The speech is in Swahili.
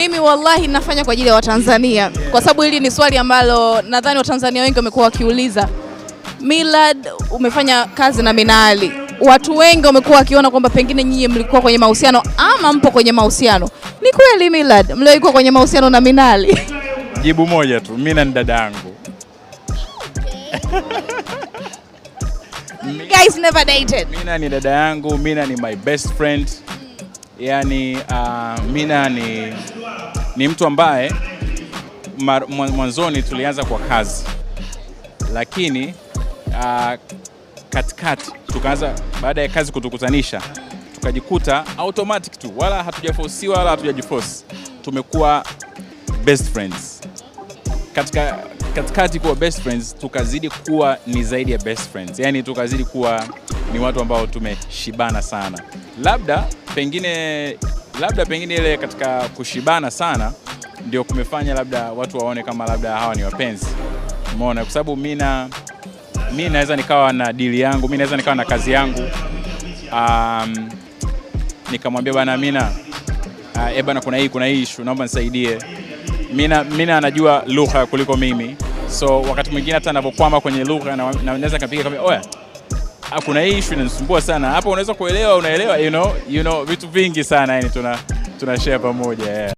Mimi wallahi nafanya kwa ajili ya Watanzania kwa sababu hili ni swali ambalo nadhani Watanzania wengi wamekuwa wakiuliza. Millard, umefanya kazi na Minali, watu wengi wamekuwa wakiona kwamba pengine nyinyi mlikuwa kwenye mahusiano ama mpo kwenye mahusiano. Ni kweli Millard, mliwahi kwenye mahusiano na Minali? Jibu moja tu, mimi na dada yangu. Guys never dated. Mina ni dada yangu, Mina ni my best friend yani uh, ah, Mina ni, ni mtu ambaye mwanzoni tulianza kwa kazi, lakini uh, katikati tukaanza, baada ya kazi kutukutanisha, tukajikuta automatic tu, wala hatujafosiwa wala hatujajifosi tumekuwa best friends katika katikati kuwa best friends, tukazidi kuwa ni zaidi ya best friends, yani tukazidi kuwa ni watu ambao tumeshibana sana, labda pengine labda pengine ile katika kushibana sana ndio kumefanya labda watu waone kama labda hawa ni wapenzi, umeona, kwa sababu mimi na mimi naweza nikawa na dili yangu, mimi naweza nikawa na kazi yangu um, nikamwambia bana Mina, uh, e eh, bana, kuna hii kuna hii issue, naomba nisaidie. Mina, Mina anajua lugha kuliko mimi, so wakati mwingine hata anapokwama kwenye lugha naweza na, na, kama oya Ah, kuna hii issue inanisumbua sana hapo unaweza kuelewa, unaelewa, you know, you know, vitu vingi sana yani tuna, tuna share pamoja yeah.